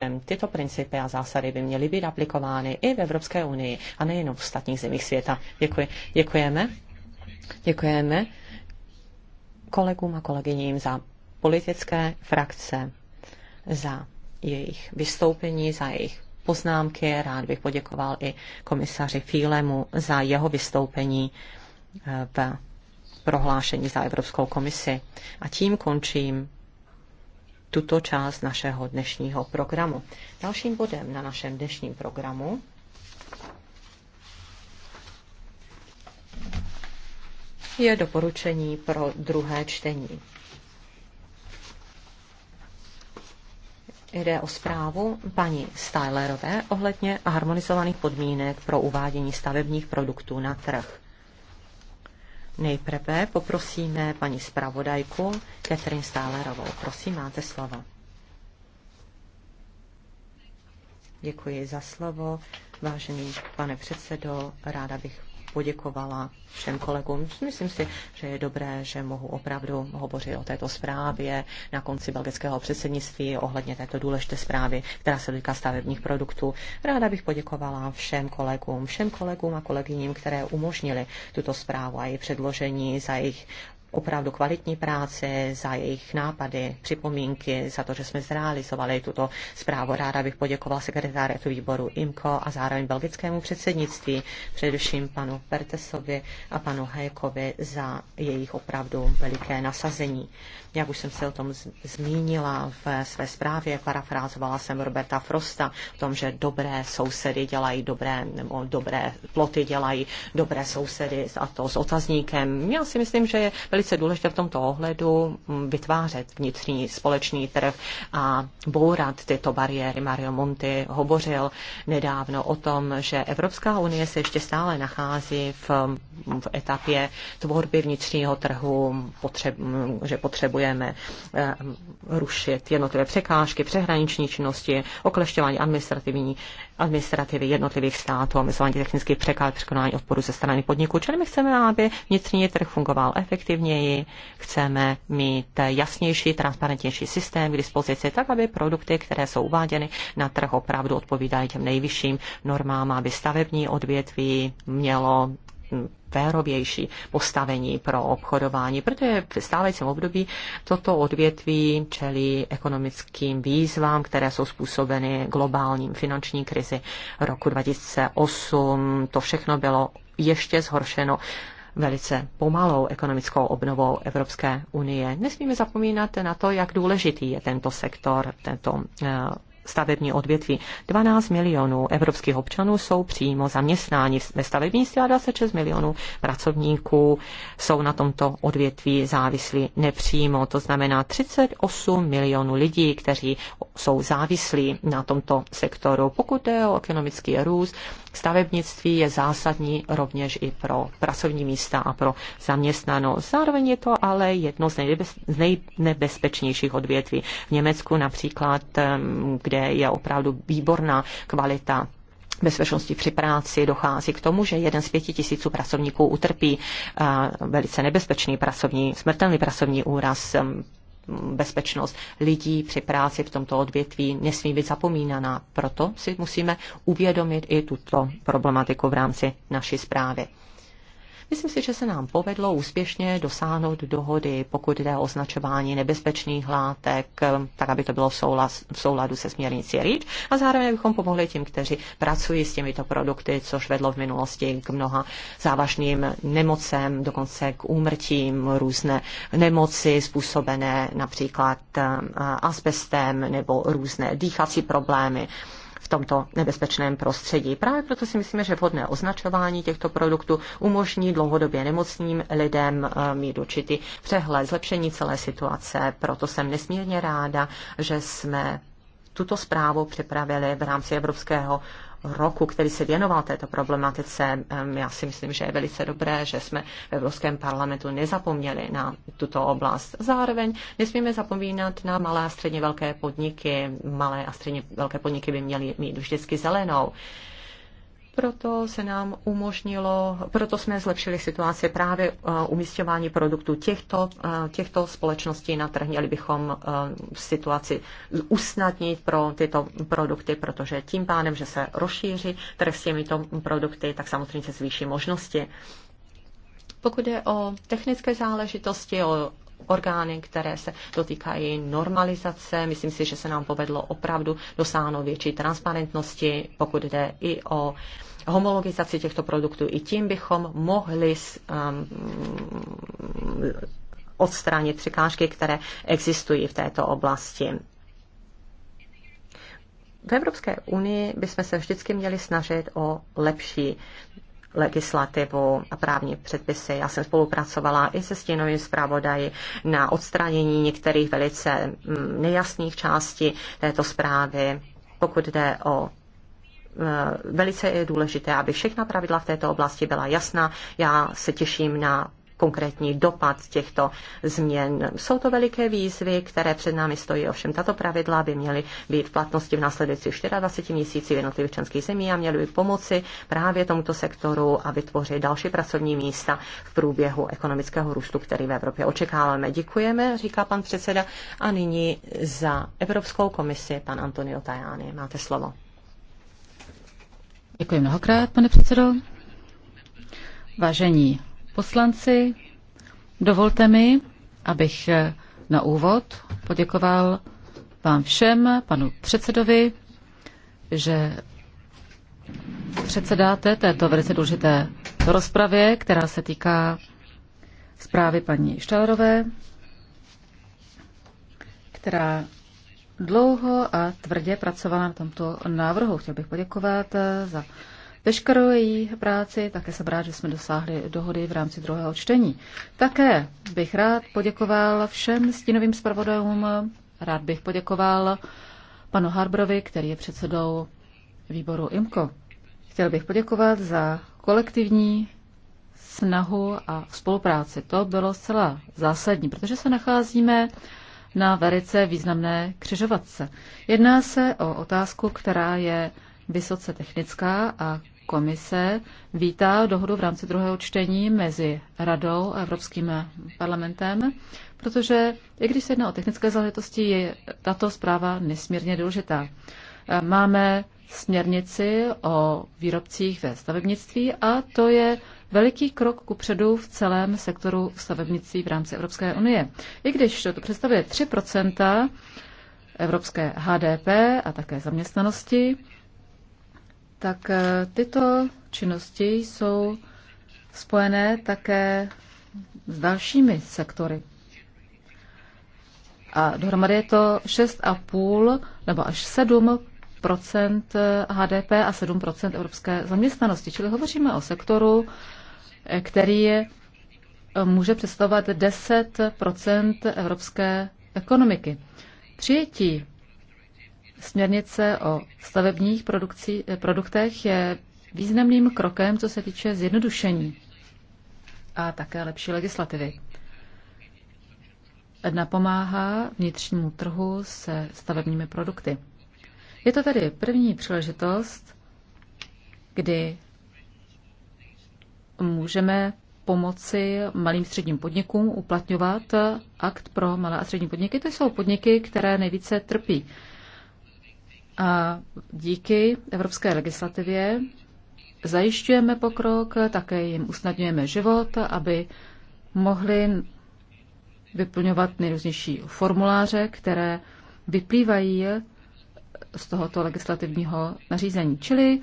Ehm, tyto principy a zásady by měly být aplikovány i v Evropské unii a nejenom v ostatních zemích světa. Děkuji. Děkujeme. Děkujeme kolegům a kolegyním za politické frakce, za jejich vystoupení, za jejich poznámky. Rád bych poděkoval i komisaři Fílemu za jeho vystoupení eh, v prohlášení za Evropskou komisi. A tím končím tuto část našeho dnešního programu. Dalším bodem na našem dnešním programu je doporučení pro druhé čtení. Jde o zprávu paní Stylerové ohledně harmonizovaných podmínek pro uvádění stavebních produktů na trh. Nejprve poprosíme paní zpravodajku Katrin Stálerovou. Prosím, máte slovo. Děkuji za slovo. Vážený pane předsedo, ráda bych poděkovala všem kolegům. Myslím si, že je dobré, že mohu opravdu hovořit o této zprávě na konci belgického předsednictví ohledně této důležité zprávy, která se týká stavebních produktů. Ráda bych poděkovala všem kolegům, všem kolegům a kolegyním, které umožnili tuto zprávu a její předložení za jejich opravdu kvalitní práce za jejich nápady, připomínky, za to, že jsme zrealizovali tuto zprávu. Ráda bych poděkovala sekretariatu výboru IMCO a zároveň belgickému předsednictví, především panu Pertesovi a panu Hajekovi za jejich opravdu veliké nasazení. Jak už jsem se o tom zmínila v své zprávě, parafrázovala jsem Roberta Frosta o tom, že dobré sousedy dělají dobré, nebo dobré ploty dělají dobré sousedy a to s otazníkem. Já si myslím, že je velice důležité v tomto ohledu mm, vytvářet vnitřní společný trh a bourat tyto bariéry. Mario Monti hovořil nedávno o tom, že Evropská unie se ještě stále nachází v, v etapě tvorby vnitřního trhu, potřeb, mm, že potřebujeme eh, rušit jednotlivé překážky, přehraniční činnosti, oklešťování administrativní administrativy jednotlivých států, omezování technických překážek, překonání odporu ze strany podniků. Čili my chceme, aby vnitřní trh fungoval efektivněji, chceme mít jasnější, transparentnější systém k dispozici, tak aby produkty, které jsou uváděny na trh, opravdu odpovídají těm nejvyšším normám, aby stavební odvětví mělo férovější postavení pro obchodování, protože v stávajícím období toto odvětví čelí ekonomickým výzvám, které jsou způsobeny globálním finanční krizi roku 2008. To všechno bylo ještě zhoršeno velice pomalou ekonomickou obnovou Evropské unie. Nesmíme zapomínat na to, jak důležitý je tento sektor, tento eh, stavební odvětví. 12 milionů evropských občanů jsou přímo zaměstnáni ve stavebnictví a 26 milionů pracovníků jsou na tomto odvětví závislí nepřímo. To znamená 38 milionů lidí, kteří jsou závislí na tomto sektoru. Pokud jde o ekonomický růst, stavebnictví je zásadní rovněž i pro pracovní místa a pro zaměstnanost. Zároveň je to ale jedno z nejnebezpečnějších odvětví. V Německu například, kde je opravdu výborná kvalita bezpečnosti při práci dochází k tomu, že jeden z pěti tisíců pracovníků utrpí velice nebezpečný pracovní, smrtelný pracovní úraz bezpečnost lidí při práci v tomto odvětví nesmí být zapomínaná. Proto si musíme uvědomit i tuto problematiku v rámci naší zprávy. Myslím si, že se nám povedlo úspěšně dosáhnout dohody, pokud jde o označování nebezpečných látek, tak aby to bylo v, soulaz, v souladu se směrnicí REACH a zároveň bychom pomohli těm, kteří pracují s těmito produkty, což vedlo v minulosti k mnoha závažným nemocem, dokonce k úmrtím, různé nemoci způsobené například eh, asbestem nebo různé dýchací problémy v tomto nebezpečném prostředí. Právě proto si myslíme, že vhodné označování těchto produktů umožní dlouhodobě nemocným lidem eh, mít určitý přehled, zlepšení celé situace. Proto jsem nesmírně ráda, že jsme tuto zprávu připravili v rámci Evropského roku, který se věnoval této problematice. Já si myslím, že je velice dobré, že jsme v Evropském parlamentu nezapomněli na tuto oblast. Zároveň nesmíme zapomínat na malé a středně velké podniky. Malé a středně velké podniky by měly mít vždycky zelenou proto se nám umožnilo, proto jsme zlepšili situaci právě eh, umístěvání produktů těchto, eh, těchto společností na trh. Měli bychom eh, situaci usnadnit pro tyto produkty, protože tím pádem, že se rozšíří trh s těmito produkty, tak samozřejmě se zvýší možnosti. Pokud je o technické záležitosti, o orgány, které se dotýkají normalizace. Myslím si, že se nám povedlo opravdu dosáhnout větší transparentnosti, pokud jde i o homologizaci těchto produktů. I tím bychom mohli um, odstranit překážky, které existují v této oblasti. V Evropské unii bychom se vždycky měli snažit o lepší legislativu a právní předpisy. Já jsem spolupracovala i se stínovým zpravodaji na odstranění některých velice mm, nejasných částí této zprávy. Pokud jde o e, velice je důležité, aby všechna pravidla v této oblasti byla jasná. Já se těším na konkrétní dopad těchto změn. Jsou to veliké výzvy, které před námi stojí. Ovšem tato pravidla by měly být v platnosti v následujících 24 měsících v jednotlivých členských zemí a měly by pomoci právě tomuto sektoru a vytvořit další pracovní místa v průběhu ekonomického růstu, který v Evropě očekáváme. Děkujeme, říká pan předseda. A nyní za Evropskou komisi pan Antonio Tajani. Máte slovo. Děkuji mnohokrát, pane předsedo. Vážení poslanci, dovolte mi, abych na úvod poděkoval vám všem, panu předsedovi, že předsedáte této velice důležité rozpravě, která se týká zprávy paní Štalerové, která dlouho a tvrdě pracovala na tomto návrhu. Chtěl bych poděkovat za veškerou její práci. Také jsem rád, že jsme dosáhli dohody v rámci druhého čtení. Také bych rád poděkoval všem stínovým zpravodajům. Rád bych poděkoval panu Harbrovi, který je předsedou výboru IMCO. Chtěl bych poděkovat za kolektivní snahu a spolupráci. To bylo zcela zásadní, protože se nacházíme na velice významné křižovatce. Jedná se o otázku, která je vysoce technická a Komise vítá dohodu v rámci druhého čtení mezi Radou a Evropským parlamentem, protože i když se jedná o technické záležitosti, je tato zpráva nesmírně důležitá. Máme směrnici o výrobcích ve stavebnictví a to je veliký krok kupředu v celém sektoru stavebnictví v rámci Evropské unie. I když to představuje 3 evropské HDP a také zaměstnanosti, tak eh, tyto činnosti jsou spojené také s dalšími sektory. A dohromady je to 6,5 nebo až 7 eh, HDP a 7 evropské zaměstnanosti. Čili hovoříme o sektoru, eh, který je, může představovat 10 evropské ekonomiky. Přijetí Směrnice o stavebních eh, produktech je významným krokem, co se týče zjednodušení a také lepší legislativy. Napomáhá vnitřnímu trhu se stavebními produkty. Je to tedy první příležitost, kdy můžeme pomoci malým středním podnikům uplatňovat akt pro malé a střední podniky. To jsou podniky, které nejvíce trpí a díky evropské legislativě zajišťujeme pokrok, také jim usnadňujeme život, aby mohli vyplňovat nejrůznější formuláře, které vyplývají z tohoto legislativního nařízení. Čili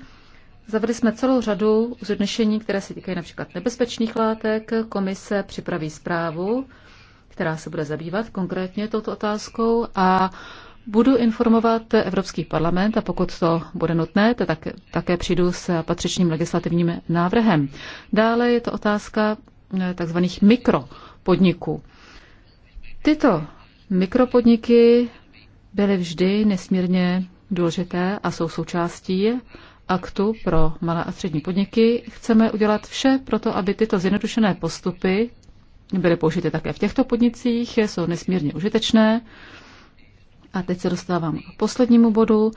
zavedli jsme celou řadu zjednešení, které se týkají například nebezpečných látek. Komise připraví zprávu, která se bude zabývat konkrétně touto otázkou a Budu informovat Evropský parlament a pokud to bude nutné, tak také přijdu s patřičným legislativním návrhem. Dále je to otázka eh, tzv. mikropodniků. Tyto mikropodniky byly vždy nesmírně důležité a jsou součástí aktu pro malé a střední podniky. Chceme udělat vše pro to, aby tyto zjednodušené postupy byly použity také v těchto podnicích, jsou nesmírně užitečné. A teď se dostávám k poslednímu bodu.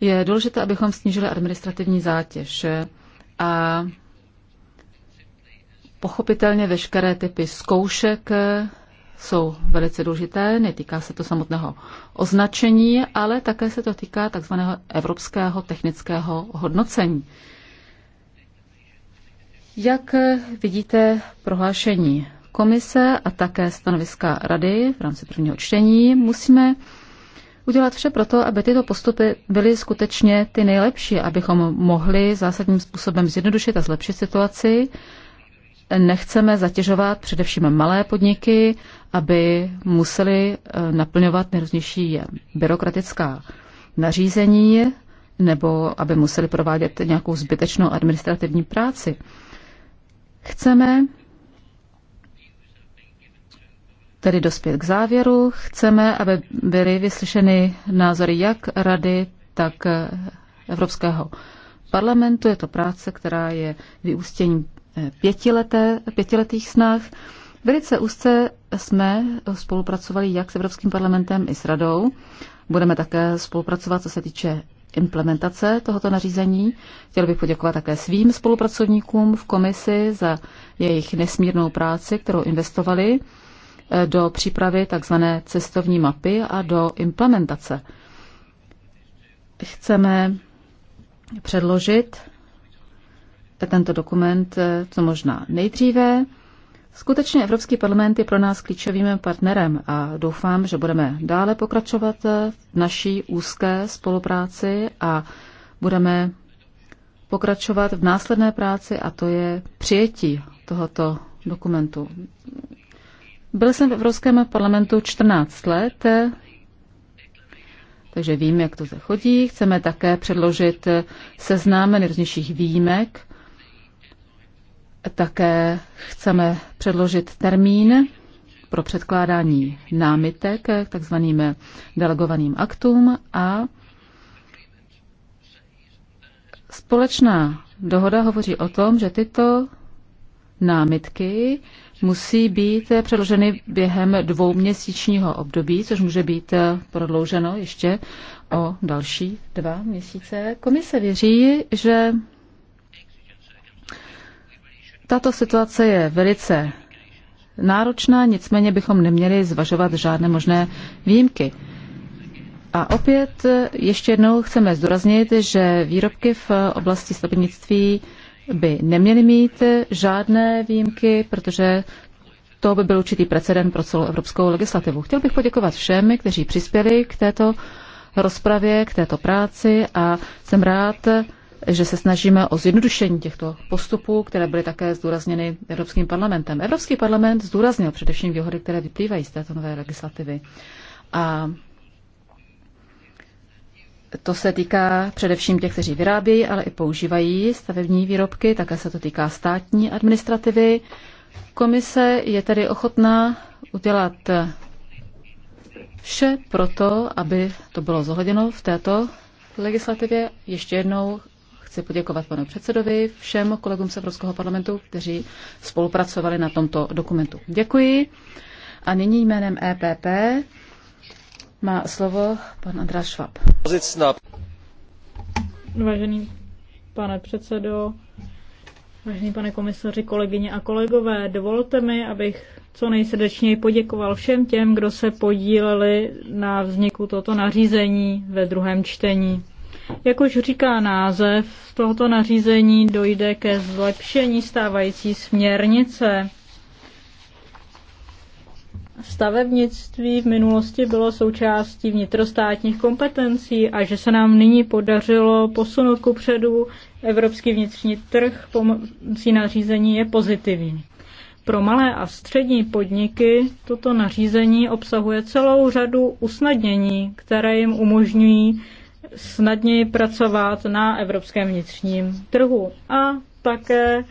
Je důležité, abychom snížili administrativní zátěž a pochopitelně veškeré typy zkoušek jsou velice důležité. Netýká se to samotného označení, ale také se to týká takzvaného evropského technického hodnocení. Jak vidíte prohlášení komise a také stanoviska rady v rámci prvního čtení, musíme udělat vše proto, aby tyto postupy byly skutečně ty nejlepší, abychom mohli zásadním způsobem zjednodušit a zlepšit situaci. Nechceme zatěžovat především malé podniky, aby museli eh, naplňovat nejrůznější eh, byrokratická nařízení nebo aby museli provádět nějakou zbytečnou administrativní práci. Chceme tedy dospět k závěru. Chceme, aby byly vyslyšeny názory jak Rady, tak eh, Evropského parlamentu. Je to práce, která je vyústění eh, pětileté, pětiletých snah. Velice úzce jsme spolupracovali jak s Evropským parlamentem, i s Radou. Budeme také spolupracovat, co se týče implementace tohoto nařízení. Chtěl bych poděkovat také svým spolupracovníkům v komisi za jejich nesmírnou práci, kterou investovali do přípravy tzv. cestovní mapy a do implementace. Chceme předložit tento dokument eh, co možná nejdříve. Skutečně Evropský parlament je pro nás klíčovým partnerem a doufám, že budeme dále pokračovat eh, v naší úzké spolupráci a budeme pokračovat v následné práci a to je přijetí tohoto dokumentu. Byl jsem v Evropském parlamentu 14 let, takže vím, jak to zde chodí. Chceme také předložit seznám nejrůznějších výjimek. Také chceme předložit termín pro předkládání námitek k takzvaným delegovaným aktům a společná dohoda hovoří o tom, že tyto námitky musí být předloženy během dvouměsíčního období, což může být prodlouženo ještě o další dva měsíce. Komise věří, že tato situace je velice náročná, nicméně bychom neměli zvažovat žádné možné výjimky. A opět ještě jednou chceme zdůraznit, že výrobky v oblasti stavebnictví by neměly mít žádné výjimky, protože to by byl určitý precedent pro celou evropskou legislativu. Chtěl bych poděkovat všem, kteří přispěli k této rozpravě, k této práci a jsem rád, že se snažíme o zjednodušení těchto postupů, které byly také zdůrazněny Evropským parlamentem. Evropský parlament zdůraznil především výhody, které vyplývají z této nové legislativy. A to se týká především těch, kteří vyrábějí, ale i používají stavební výrobky, také se to týká státní administrativy. Komise je tedy ochotná udělat vše pro to, aby to bylo zohleděno v této legislativě. Ještě jednou chci poděkovat panu předsedovi, všem kolegům z Evropského parlamentu, kteří spolupracovali na tomto dokumentu. Děkuji. A nyní jménem EPP má slovo pan András Švab. Vážený pane předsedo, vážený pane komisaři, kolegyně a kolegové, dovolte mi, abych co nejsrdečněji poděkoval všem těm, kdo se podíleli na vzniku tohoto nařízení ve druhém čtení. Jak už říká název, tohoto nařízení dojde ke zlepšení stávající směrnice stavebnictví v minulosti bylo součástí vnitrostátních kompetencí a že se nám nyní podařilo posunout ku předu evropský vnitřní trh pomocí nařízení je pozitivní. Pro malé a střední podniky toto nařízení obsahuje celou řadu usnadnění, které jim umožňují snadněji pracovat na evropském vnitřním trhu a také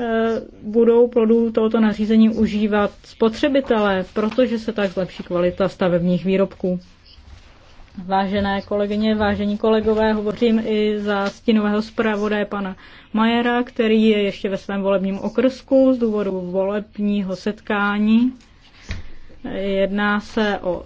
Eh, budou plodů tohoto nařízení užívat spotřebitelé, protože se tak zlepší kvalita stavebních výrobků. Vážené kolegyně, vážení kolegové, hovořím i za stínového zpravodaje pana Majera, který je ještě ve svém volebním okrsku z důvodu volebního setkání Jedná se o,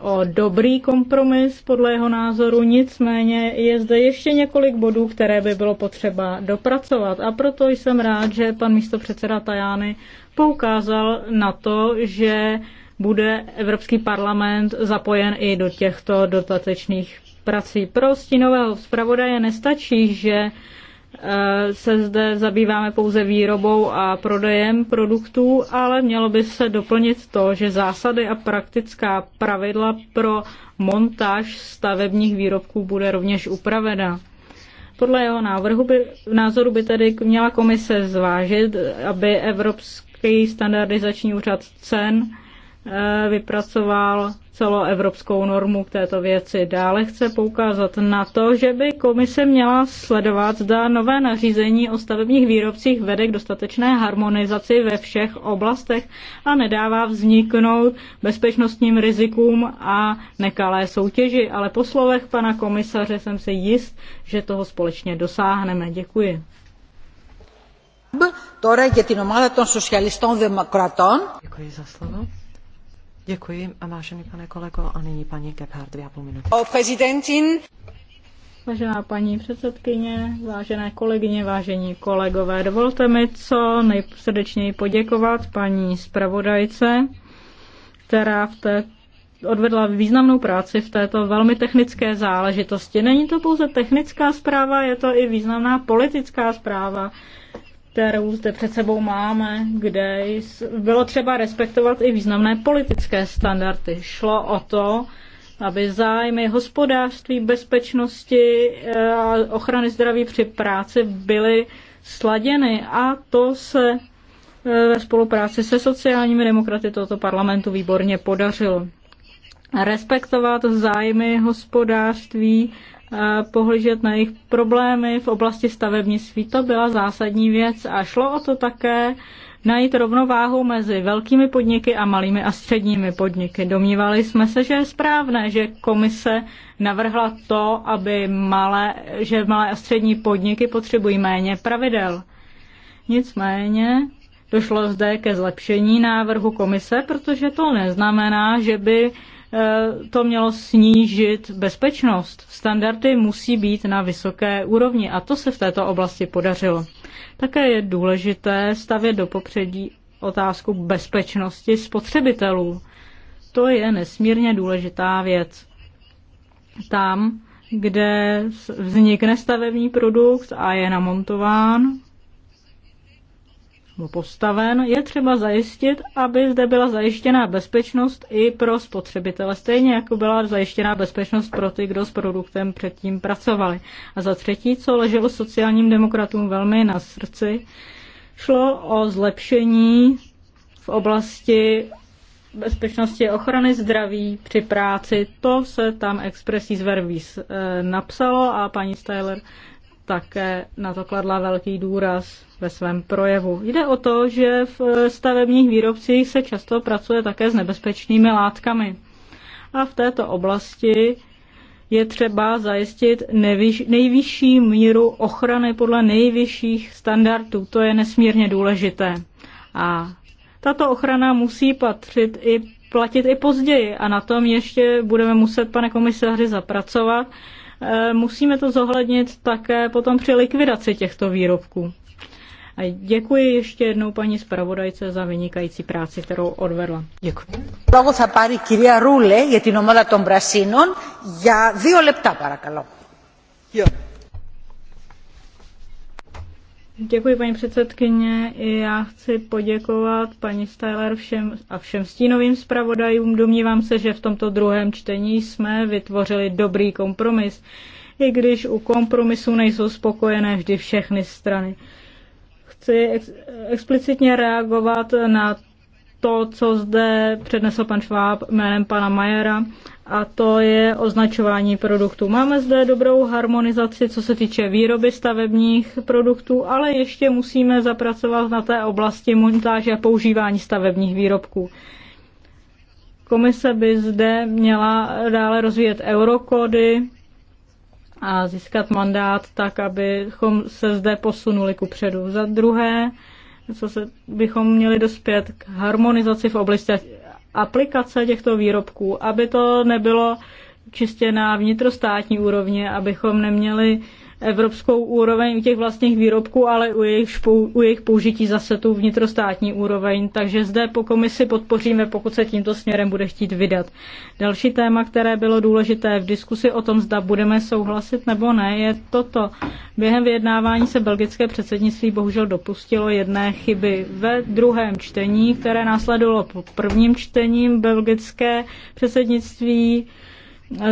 o dobrý kompromis podle jeho názoru, nicméně je zde ještě několik bodů, které by bylo potřeba dopracovat. A proto jsem rád, že pan předseda Tajány poukázal na to, že bude Evropský parlament zapojen i do těchto dotatečných prací. Pro stínového zpravodaje nestačí, že Eh, se zde zabýváme pouze výrobou a prodejem produktů, ale mělo by se doplnit to, že zásady a praktická pravidla pro montáž stavebních výrobků bude rovněž upravena. Podle jeho návrhu by, názoru by tedy měla komise zvážit, aby Evropský standardizační úřad cen Eh, vypracoval celoevropskou normu k této věci. Dále chce poukázat na to, že by komise měla sledovat, zda nové nařízení o stavebních výrobcích vede k dostatečné harmonizaci ve všech oblastech a nedává vzniknout bezpečnostním rizikům a nekalé soutěži. Ale po slovech pana komisaře jsem si jist, že toho společně dosáhneme. Děkuji. Děkuji za slovo. Děkuji, a vážený pane kolego, a nyní paní Gebhardt, dvě a půl minuty. Vážená paní předsedkyně, vážené kolegyně, vážení kolegové, dovolte mi co nejsrdečněji poděkovat paní zpravodajce, která v té odvedla významnou práci v této velmi technické záležitosti. Není to pouze technická zpráva, je to i významná politická zpráva kterou zde před sebou máme, kde bylo třeba respektovat i významné politické standardy. Šlo o to, aby zájmy hospodářství, bezpečnosti eh, a ochrany zdraví při práci byly sladěny a to se eh, ve spolupráci se sociálními demokraty tohoto parlamentu výborně podařilo. Respektovat zájmy hospodářství pohlížet na jejich problémy v oblasti stavebnictví. To byla zásadní věc a šlo o to také najít rovnováhu mezi velkými podniky a malými a středními podniky. Domnívali jsme se, že je správné, že komise navrhla to, aby malé, že malé a střední podniky potřebují méně pravidel. Nicméně došlo zde ke zlepšení návrhu komise, protože to neznamená, že by Eh, to mělo snížit bezpečnost. Standardy musí být na vysoké úrovni a to se v této oblasti podařilo. Také je důležité stavět do popředí otázku bezpečnosti spotřebitelů. To je nesmírně důležitá věc. Tam, kde vznikne stavební produkt a je namontován, mu postaven, je třeba zajistit, aby zde byla zajištěná bezpečnost i pro spotřebitele, stejně jako byla zajištěná bezpečnost pro ty, kdo s produktem předtím pracovali. A za třetí, co leželo sociálním demokratům velmi na srdci, šlo o zlepšení v oblasti bezpečnosti ochrany zdraví při práci. To se tam z verbis eh, napsalo a paní Styler také na to kladla velký důraz ve svém projevu. Jde o to, že v stavebních výrobcích se často pracuje také s nebezpečnými látkami. A v této oblasti je třeba zajistit nejvyšší míru ochrany podle nejvyšších standardů. To je nesmírně důležité. A tato ochrana musí patřit i platit i později a na tom ještě budeme muset, pane komisaři, zapracovat, Eh, musíme to zohlednit také potom při likvidaci těchto výrobků. A děkuji ještě jednou paní zpravodajce za vynikající práci, kterou odvedla. Děkuji. Λόγο Děkuji, paní předsedkyně. Já chci poděkovat paní Steyler všem a všem stínovým zpravodajům. Domnívám se, že v tomto druhém čtení jsme vytvořili dobrý kompromis, i když u kompromisu nejsou spokojené vždy všechny strany. Chci ex- explicitně reagovat na to, co zde přednesl pan Šváb jménem pana Majera, a to je označování produktů. Máme zde dobrou harmonizaci, co se týče výroby stavebních produktů, ale ještě musíme zapracovat na té oblasti montáže a používání stavebních výrobků. Komise by zde měla dále rozvíjet eurokody a získat mandát tak, abychom se zde posunuli ku předu. Za druhé, co se, bychom měli dospět k harmonizaci v oblasti aplikace těchto výrobků, aby to nebylo čistě na vnitrostátní úrovně, abychom neměli evropskou úroveň u těch vlastních výrobků, ale u jejich, u jejich použití zase tu vnitrostátní úroveň. Takže zde po komisi podpoříme, pokud se tímto směrem bude chtít vydat. Další téma, které bylo důležité v diskusi o tom, zda budeme souhlasit nebo ne, je toto. Během vyjednávání se belgické předsednictví bohužel dopustilo jedné chyby. Ve druhém čtení, které následovalo po prvním čtením belgické předsednictví,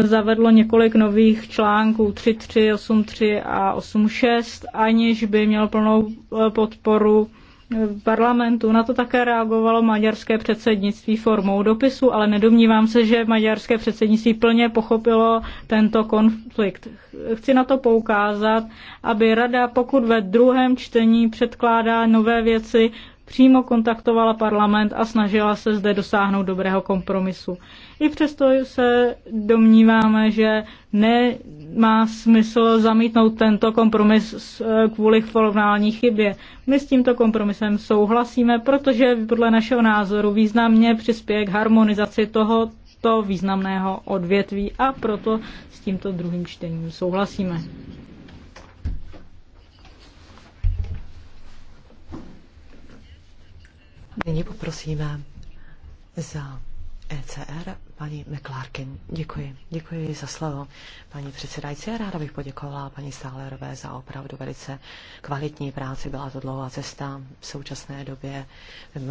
zavedlo několik nových článků 3.3, 8.3 a 8.6, aniž by měl plnou eh, podporu eh, parlamentu. Na to také reagovalo maďarské předsednictví formou dopisu, ale nedomnívám se, že maďarské předsednictví plně pochopilo tento konflikt. Chci na to poukázat, aby rada, pokud ve druhém čtení předkládá nové věci, přímo kontaktovala parlament a snažila se zde dosáhnout dobrého kompromisu. I přesto se domníváme, že nemá smysl zamítnout tento kompromis eh, kvůli formální chybě. My s tímto kompromisem souhlasíme, protože podle našeho názoru významně přispěje k harmonizaci toho, to významného odvětví a proto s tímto druhým čtením souhlasíme. Nyní poprosíme za ECR, paní McClarkin. Děkuji. Děkuji za slovo, paní předsedající. Já ráda bych poděkovala paní Stálerové za opravdu velice kvalitní práci. Byla to dlouhá cesta. V současné době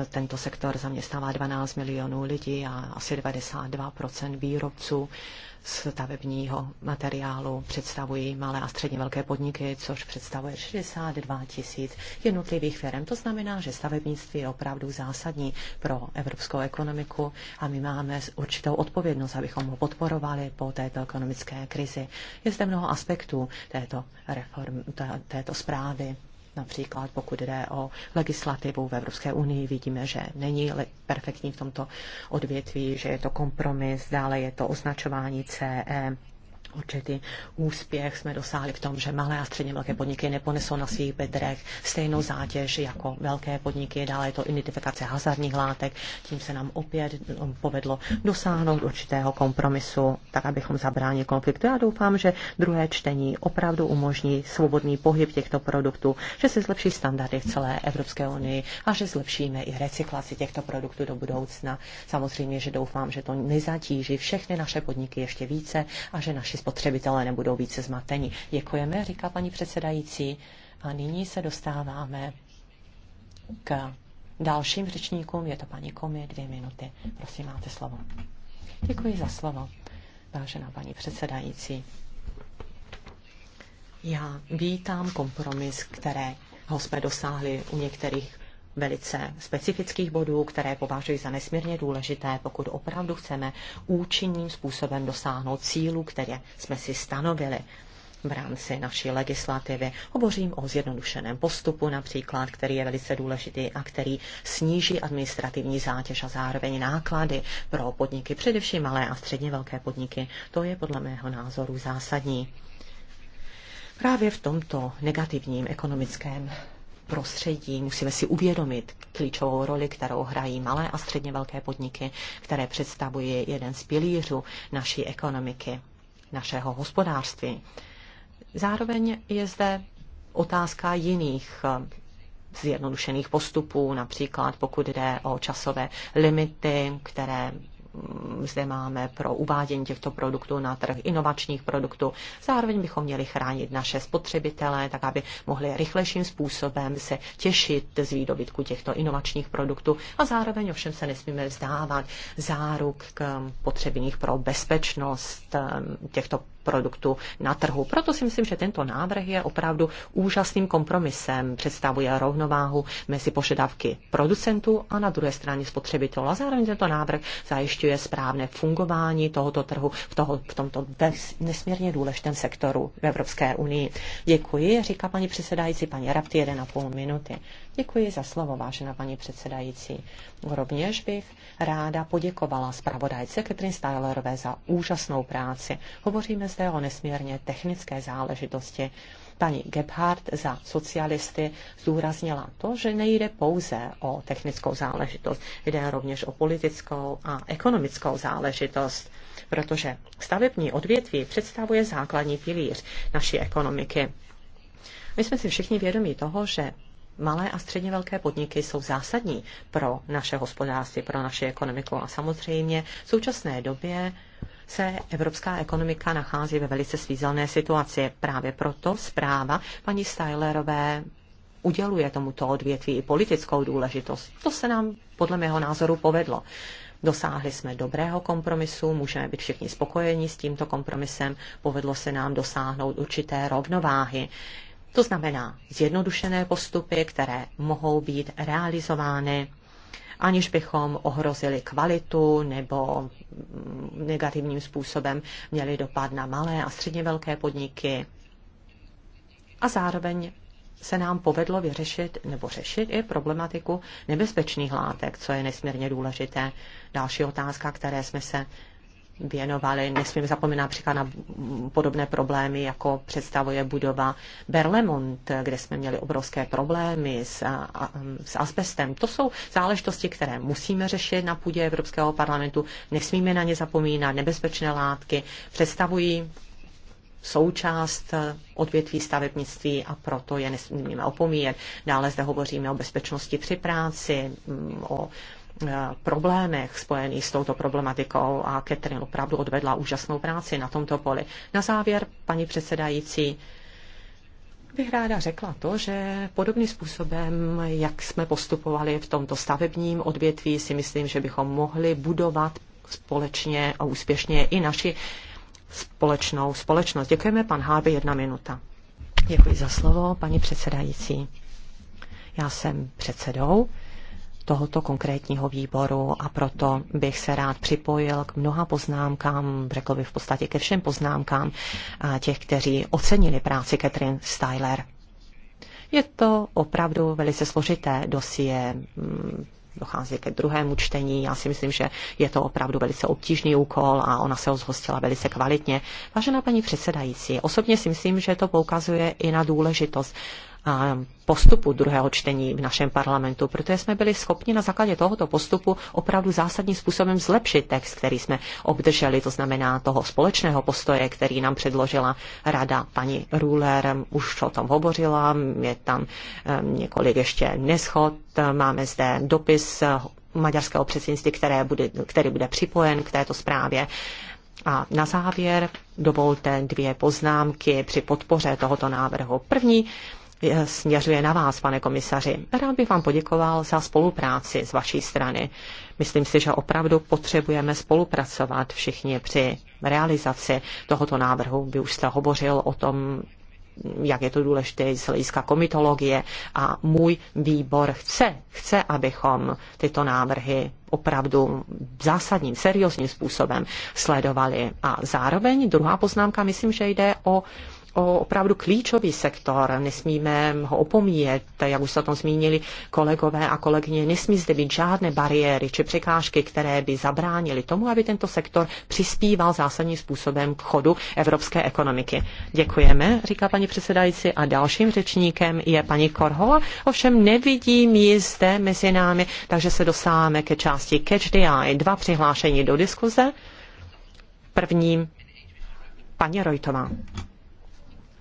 tento sektor zaměstnává 12 milionů lidí a asi 92 výrobců stavebního materiálu představují malé a středně velké podniky, což představuje 62 tisíc jednotlivých firm. To znamená, že stavebnictví je opravdu zásadní pro evropskou ekonomiku a my máme máme určitou odpovědnost, abychom ho podporovali po této ekonomické krizi. Je zde mnoho aspektů této, reform, této zprávy. Například pokud jde o legislativu v Evropské unii, vidíme, že není perfektní v tomto odvětví, že je to kompromis, dále je to označování CE, určitý úspěch jsme dosáhli v tom, že malé a středně velké podniky neponesou na svých bedrech stejnou zátěž jako velké podniky. Dále je to identifikace hazardních látek. Tím se nám opět mm, povedlo dosáhnout určitého kompromisu, tak abychom zabránili konfliktu. Já doufám, že druhé čtení opravdu umožní svobodný pohyb těchto produktů, že se zlepší standardy v celé Evropské unii a že zlepšíme i recyklaci těchto produktů do budoucna. Samozřejmě, že doufám, že to nezatíží všechny naše podniky ještě více a že naši spotřebitelé nebudou více zmateni. Děkujeme, říká paní předsedající. A nyní se dostáváme k dalším řečníkům. Je to paní Komi, dvě minuty. Prosím, máte slovo. Děkuji za slovo, vážená paní předsedající. Já vítám kompromis, které ho jsme dosáhli u některých velice specifických bodů, které považuji za nesmírně důležité, pokud opravdu chceme účinným způsobem dosáhnout cílu, které jsme si stanovili v rámci naší legislativy. Hovořím o zjednodušeném postupu například, který je velice důležitý a který sníží administrativní zátěž a zároveň náklady pro podniky, především malé a středně velké podniky. To je podle mého názoru zásadní. Právě v tomto negativním ekonomickém prostředí. Musíme si uvědomit klíčovou roli, kterou hrají malé a středně velké podniky, které představují jeden z pilířů naší ekonomiky, našeho hospodářství. Zároveň je zde otázka jiných eh, zjednodušených postupů, například pokud jde o časové limity, které zde máme pro uvádění těchto produktů na trh, inovačních produktů. Zároveň bychom měli chránit naše spotřebitele, tak aby mohli rychlejším způsobem se těšit z výdobytku těchto inovačních produktů a zároveň ovšem se nesmíme vzdávat záruk potřebných pro bezpečnost ehm, těchto produktů na trhu. Proto si myslím, že tento návrh je opravdu úžasným kompromisem. Představuje rovnováhu mezi požadavky producentů a na druhé straně spotřebitelů. A zároveň tento návrh zajišťuje správné fungování tohoto trhu v, toho, v tomto nesmírně důležitém sektoru v Evropské unii. Děkuji, říká paní předsedající, paní Rapti, 1,5 minuty. Děkuji za slovo, vážená paní předsedající. Rovněž bych ráda poděkovala zpravodajce Katrin Stylerové za úžasnou práci. Hovoříme zde o nesmírně technické záležitosti. Paní Gebhardt za socialisty zdůraznila to, že nejde pouze o technickou záležitost, jde rovněž o politickou a ekonomickou záležitost, protože stavební odvětví představuje základní pilíř naší ekonomiky. My jsme si všichni vědomí toho, že Malé a středně velké podniky jsou zásadní pro naše hospodářství, pro naši ekonomiku a samozřejmě v současné době se evropská ekonomika nachází ve velice svízelné situaci. Právě proto zpráva paní Stylerové uděluje tomuto odvětví i politickou důležitost. To se nám podle mého názoru povedlo. Dosáhli jsme dobrého kompromisu, můžeme být všichni spokojeni s tímto kompromisem, povedlo se nám dosáhnout určité rovnováhy to znamená zjednodušené postupy, které mohou být realizovány aniž bychom ohrozili kvalitu nebo negativním způsobem měli dopad na malé a středně velké podniky. A zároveň se nám povedlo vyřešit nebo řešit i problematiku nebezpečných látek, co je nesmírně důležité. Další otázka, které jsme se věnovali. Nesmíme zapomínat například na podobné problémy, jako představuje budova Berlemont, kde jsme měli obrovské problémy s, a, s asbestem. To jsou záležitosti, které musíme řešit na půdě Evropského parlamentu. Nesmíme na ně zapomínat. Nebezpečné látky představují součást odvětví stavebnictví a proto je nesmíme opomíjet. Dále zde hovoříme o bezpečnosti při práci, mm, o Eh, problémech spojených s touto problematikou a Catherine opravdu odvedla úžasnou práci na tomto poli. Na závěr, paní předsedající, bych ráda řekla to, že podobným způsobem, jak jsme postupovali v tomto stavebním odvětví, si myslím, že bychom mohli budovat společně a úspěšně i naši společnou společnost. Děkujeme, pan Háby, jedna minuta. Děkuji za slovo, paní předsedající. Já jsem předsedou tohoto konkrétního výboru a proto bych se rád připojil k mnoha poznámkám, řekl bych v podstatě ke všem poznámkám těch, kteří ocenili práci Catherine Styler. Je to opravdu velice složité dosie, mm, dochází ke druhému čtení. Já si myslím, že je to opravdu velice obtížný úkol a ona se ho zhostila velice kvalitně. Vážená paní předsedající, osobně si myslím, že to poukazuje i na důležitost postupu druhého čtení v našem parlamentu, protože jsme byli schopni na základě tohoto postupu opravdu zásadním způsobem zlepšit text, který jsme obdrželi, to znamená toho společného postoje, který nám předložila rada paní Ruler, už o tom hovořila, je tam eh, několik ještě neschod, máme zde dopis maďarského předsednictví, které bude, který bude připojen k této zprávě. A na závěr dovolte dvě poznámky při podpoře tohoto návrhu. První Eh, směřuje na vás, pane komisaři. Rád bych vám poděkoval za spolupráci z vaší strany. Myslím si, že opravdu potřebujeme spolupracovat všichni při realizaci tohoto návrhu. Vy už jste hovořil o tom, jak je to důležité z hlediska komitologie a můj výbor chce, chce, abychom tyto návrhy opravdu zásadním, seriózním způsobem sledovali. A zároveň druhá poznámka, myslím, že jde o o opravdu klíčový sektor, nesmíme ho opomíjet, jak už se o tom zmínili kolegové a kolegyně, nesmí zde být žádné bariéry či překážky, které by zabránily tomu, aby tento sektor přispíval zásadním způsobem k chodu evropské ekonomiky. Děkujeme, říká paní předsedající, a dalším řečníkem je paní Korhola, ovšem nevidím ji zde mezi námi, takže se dosáváme ke části Catch the Eye. Dva přihlášení do diskuze. Prvním paní Rojtová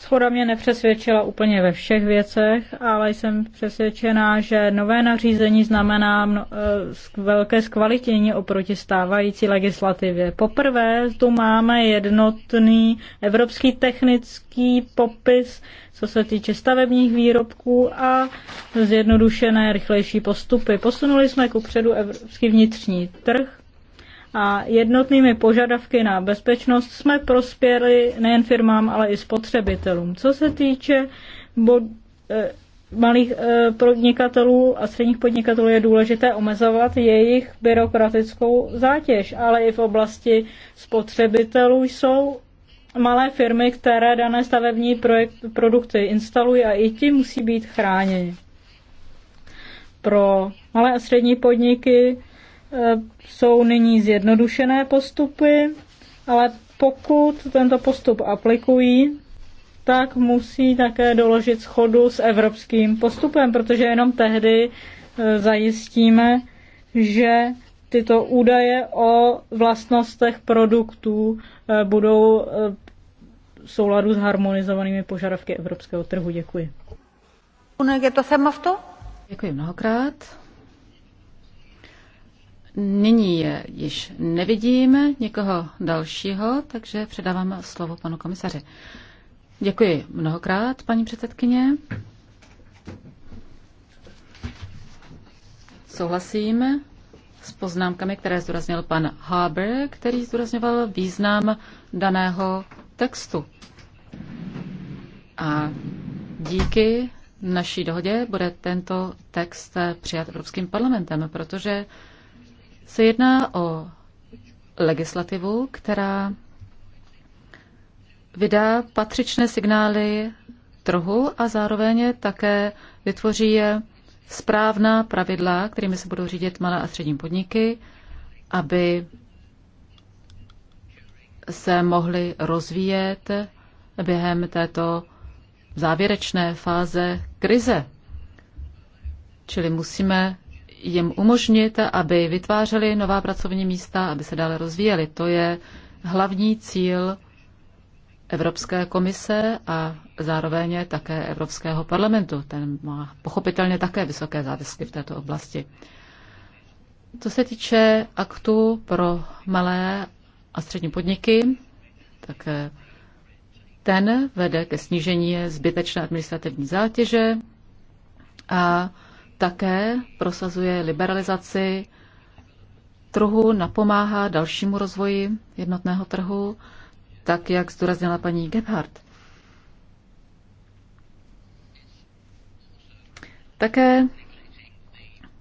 Schoda mě nepřesvědčila úplně ve všech věcech, ale jsem přesvědčená, že nové nařízení znamená mno, eh, velké zkvalitění oproti stávající legislativě. Poprvé tu máme jednotný evropský technický popis, co se týče stavebních výrobků a zjednodušené rychlejší postupy. Posunuli jsme ku předu evropský vnitřní trh a jednotnými požadavky na bezpečnost jsme prospěli nejen firmám, ale i spotřebitelům. Co se týče bod, e, malých e, podnikatelů a středních podnikatelů, je důležité omezovat jejich byrokratickou zátěž, ale i v oblasti spotřebitelů jsou malé firmy, které dané stavební projekt, produkty instalují a i ti musí být chráněni. Pro malé a střední podniky Eh, jsou nyní zjednodušené postupy, ale pokud tento postup aplikují, tak musí také doložit schodu s evropským postupem, protože jenom tehdy eh, zajistíme, že tyto údaje o vlastnostech produktů eh, budou v souladu s harmonizovanými požadavky evropského trhu. Děkuji. Děkuji mnohokrát. Nyní je již nevidím někoho dalšího, takže předávám slovo panu komisaři. Děkuji mnohokrát, paní předsedkyně. Souhlasím s poznámkami, které zdůraznil pan Haber, který zdůrazňoval význam daného textu. A díky naší dohodě bude tento text přijat Evropským parlamentem, protože se jedná o legislativu, která vydá patřičné signály trhu a zároveň také vytvoří správná pravidla, kterými se budou řídit malé a střední podniky, aby se mohly rozvíjet během této závěrečné fáze krize. Čili musíme jim umožnit, aby vytvářeli nová pracovní místa, aby se dále rozvíjeli. To je hlavní cíl Evropské komise a zároveň také Evropského parlamentu. Ten má pochopitelně také vysoké závisky v této oblasti. Co se týče aktu pro malé a střední podniky, tak eh, ten vede ke snížení zbytečné administrativní zátěže a také prosazuje liberalizaci trhu, napomáhá dalšímu rozvoji jednotného trhu, tak jak zdůraznila paní Gebhardt. Také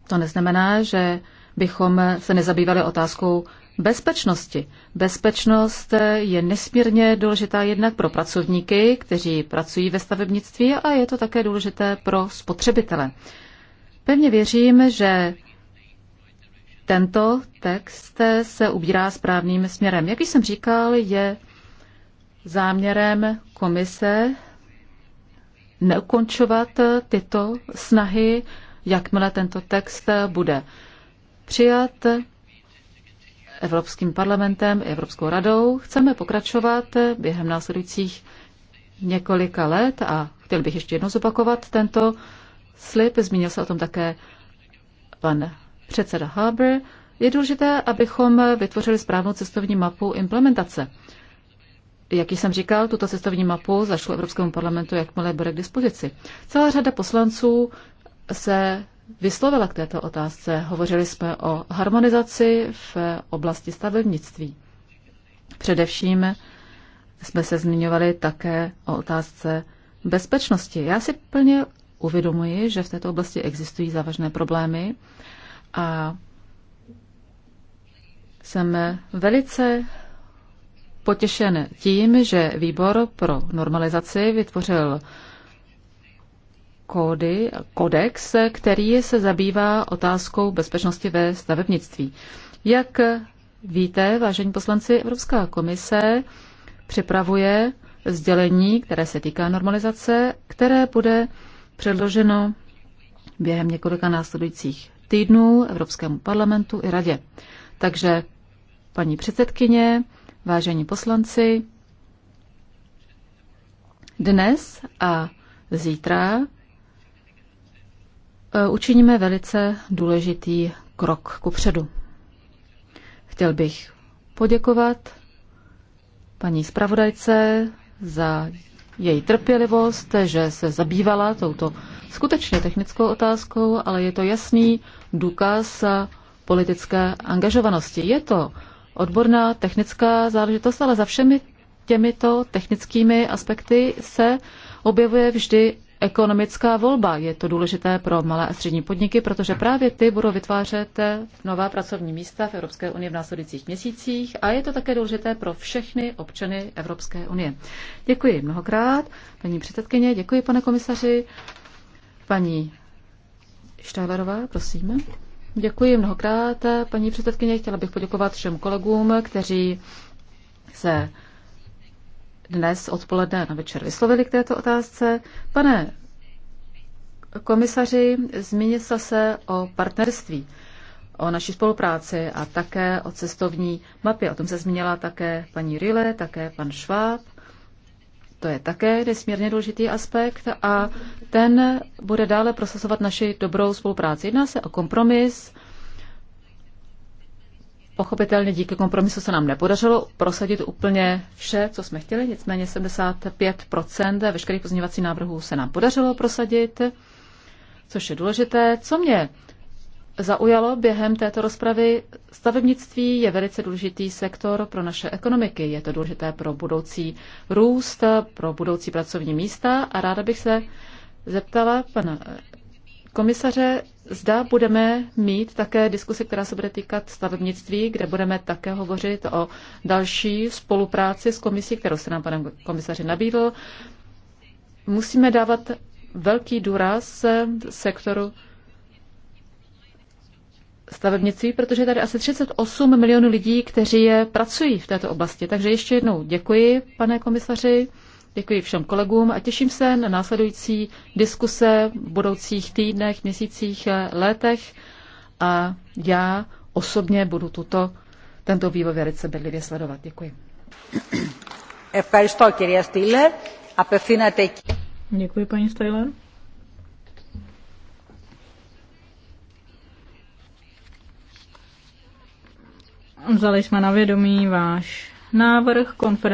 to neznamená, že bychom se nezabývali otázkou bezpečnosti. Bezpečnost je nesmírně důležitá jednak pro pracovníky, kteří pracují ve stavebnictví, a je to také důležité pro spotřebitele. Pevně věřím, že tento text se ubírá správným směrem. Jak jsem říkal, je záměrem komise neukončovat tyto snahy, jakmile tento text bude přijat Evropským parlamentem i Evropskou radou. Chceme pokračovat během následujících několika let a chtěl bych ještě jednou zopakovat tento slib, zmínil se o tom také pan předseda Harbour, je důležité, abychom vytvořili správnou cestovní mapu implementace. Jak jsem říkal, tuto cestovní mapu zašlo Evropskému parlamentu, jakmile bude k dispozici. Celá řada poslanců se vyslovila k této otázce. Hovořili jsme o harmonizaci v oblasti stavebnictví. Především jsme se zmiňovali také o otázce bezpečnosti. Já si plně uvědomuji, že v této oblasti existují závažné problémy a jsem velice potěšen tím, že výbor pro normalizaci vytvořil kódy, kodex, který se zabývá otázkou bezpečnosti ve stavebnictví. Jak víte, vážení poslanci, Evropská komise připravuje sdělení, které se týká normalizace, které bude předloženo během několika následujících týdnů Evropskému parlamentu i radě. Takže paní předsedkyně, vážení poslanci, dnes a zítra e, učiníme velice důležitý krok ku předu. Chtěl bych poděkovat paní zpravodajce za její trpělivost, že se zabývala touto skutečně technickou otázkou, ale je to jasný důkaz politické angažovanosti. Je to odborná technická záležitost, ale za všemi těmito technickými aspekty se objevuje vždy ekonomická volba. Je to důležité pro malé a střední podniky, protože právě ty budou vytvářet nová pracovní místa v Evropské unii v následujících měsících a je to také důležité pro všechny občany Evropské unie. Děkuji mnohokrát, paní předsedkyně, děkuji pane komisaři, paní Štajlerová, prosím. Děkuji mnohokrát, paní předsedkyně. Chtěla bych poděkovat všem kolegům, kteří se dnes odpoledne na večer vyslovili k této otázce. Pane komisaři, zmínil jste se o partnerství, o naší spolupráci a také o cestovní mapě. O tom se zmínila také paní Rille, také pan Šváb. To je také nesmírně důležitý aspekt a ten bude dále prosazovat naši dobrou spolupráci. Jedná se o kompromis, Pochopitelně díky kompromisu se nám nepodařilo prosadit úplně vše, co jsme chtěli, nicméně 75 veškerých pozměňovacích návrhů se nám podařilo prosadit, což je důležité. Co mě zaujalo během této rozpravy, stavebnictví je velice důležitý sektor pro naše ekonomiky. Je to důležité pro budoucí růst, pro budoucí pracovní místa a ráda bych se zeptala pana komisaře, zda budeme mít také diskusi, která se bude týkat stavebnictví, kde budeme také hovořit o další spolupráci s komisí, kterou se nám panem komisaři nabídl. Musíme dávat velký důraz sektoru stavebnictví, protože tady asi 38 milionů lidí, kteří je pracují v této oblasti. Takže ještě jednou děkuji, pane komisaři. Děkuji všem kolegům a těším se na následující diskuse v budoucích týdnech, měsících, eh, letech. a já osobně budu tuto, tento vývoj velice bedlivě sledovat. Děkuji. Děkuji, paní Styler. Vzali jsme na vědomí váš návrh konference.